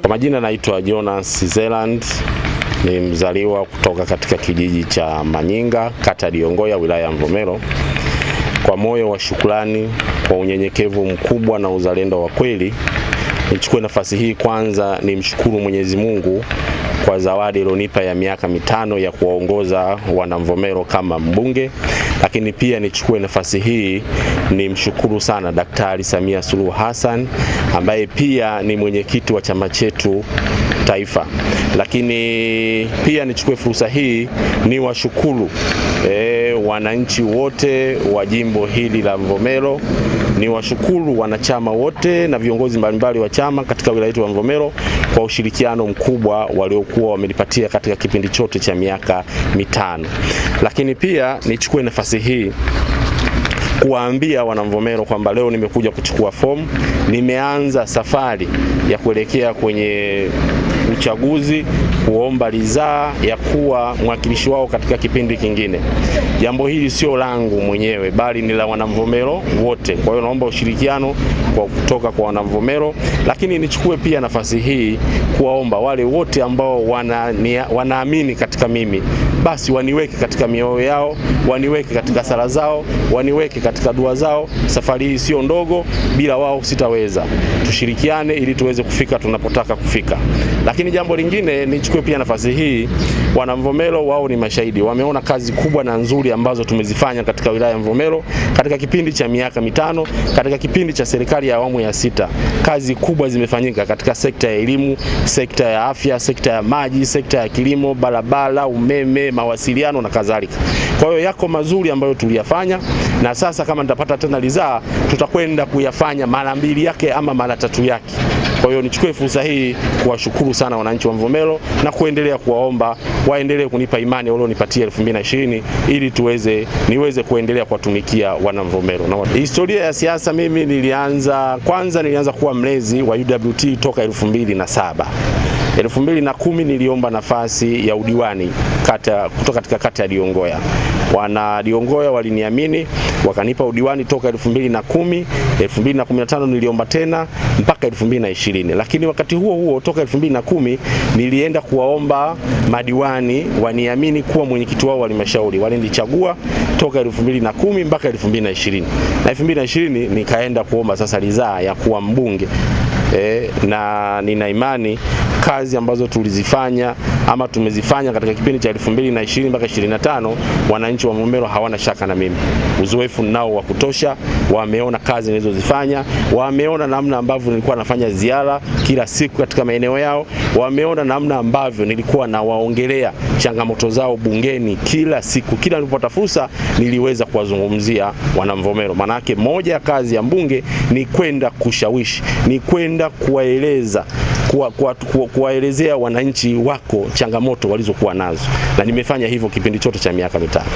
Kwa majina naitwa Jonas Zeland, ni mzaliwa kutoka katika kijiji cha Manyinga, kata Diongoya, wilaya ya Mvomero. Kwa moyo wa shukrani, kwa unyenyekevu mkubwa na uzalendo wa kweli Nichukue nafasi hii kwanza mshukuru Mwenyezi Mungu kwa zawadi ilionipa ya miaka mitano ya kuwaongoza wanamvomero kama mbunge, lakini pia nichukue nafasi hii ni mshukuru sana Daktari Samia Suluhu Hassan ambaye pia ni mwenyekiti wa chama chetu taifa, lakini pia nichukue fursa hii washukuru eh, wananchi wote wa jimbo hili la Mvomero. Ni washukuru wanachama wote na viongozi mbalimbali wa chama katika wilaya yetu ya Mvomero kwa ushirikiano mkubwa waliokuwa wamenipatia katika kipindi chote cha miaka mitano. Lakini pia nichukue nafasi hii kuwaambia wanamvomero kwamba leo nimekuja kuchukua fomu, nimeanza safari ya kuelekea kwenye uchaguzi kuomba ridhaa ya kuwa mwakilishi wao katika kipindi kingine. Jambo hili sio langu mwenyewe, bali ni la wanamvomero wote. Kwa hiyo naomba ushirikiano kwa kutoka kwa wanamvomero, lakini nichukue pia nafasi hii kuwaomba wale wote ambao wanaamini wana katika mimi basi waniweke katika mioyo yao, waniweke katika sala zao, waniweke katika dua zao. Safari hii sio ndogo, bila wao sitaweza. Tushirikiane ili tuweze kufika tunapotaka kufika. Lakini jambo lingine, nichukue pia nafasi hii, wana Mvomero wao ni mashahidi, wameona kazi kubwa na nzuri ambazo tumezifanya katika wilaya ya Mvomero katika kipindi cha miaka mitano, katika kipindi cha serikali ya awamu ya sita. Kazi kubwa zimefanyika katika sekta ya elimu, sekta ya afya, sekta ya maji, sekta ya kilimo, barabara, umeme mawasiliano na kadhalika. Kwa hiyo yako mazuri ambayo tuliyafanya, na sasa kama nitapata tena ridhaa, tutakwenda kuyafanya mara mbili yake ama mara tatu yake. Kwa hiyo nichukue fursa hii kuwashukuru sana wananchi wa Mvomero na kuendelea kuwaomba waendelee kunipa imani walionipatia 2020 ili tuweze niweze kuendelea kuwatumikia wana Mvomero. Na historia ya siasa mimi nilianza kwanza, nilianza kuwa mlezi wa UWT toka 2007. 2010 niliomba nafasi ya udiwani kata, kutoka katika kata ya Diongoya Wana Diongoya waliniamini wakanipa udiwani toka 2010, 2015 niliomba tena mpaka 2020. Lakini wakati huo huo toka 2010 nilienda kuwaomba madiwani waniamini kuwa mwenyekiti wao walimashauri Walinichagua toka 2010 mpaka 2020. Na 2020 nikaenda kuomba sasa ridhaa ya kuwa mbunge e, na nina imani kazi ambazo tulizifanya ama tumezifanya katika kipindi cha 2020 mpaka 25, wananchi wa mvomero hawana shaka na mimi. Uzoefu nao wa kutosha, wameona kazi nilizozifanya, wameona namna ambavyo nilikuwa nafanya ziara kila siku katika maeneo yao, wameona namna ambavyo nilikuwa nawaongelea changamoto zao bungeni kila siku. Kila nilipopata fursa, niliweza kuwazungumzia wanamvomero, manake moja ya kazi ya mbunge ni kwenda kushawishi, ni kwenda kwenda kuwaeleza kuwaelezea kwa, kwa, wananchi wako changamoto walizokuwa nazo, na nimefanya hivyo kipindi chote cha miaka mitano.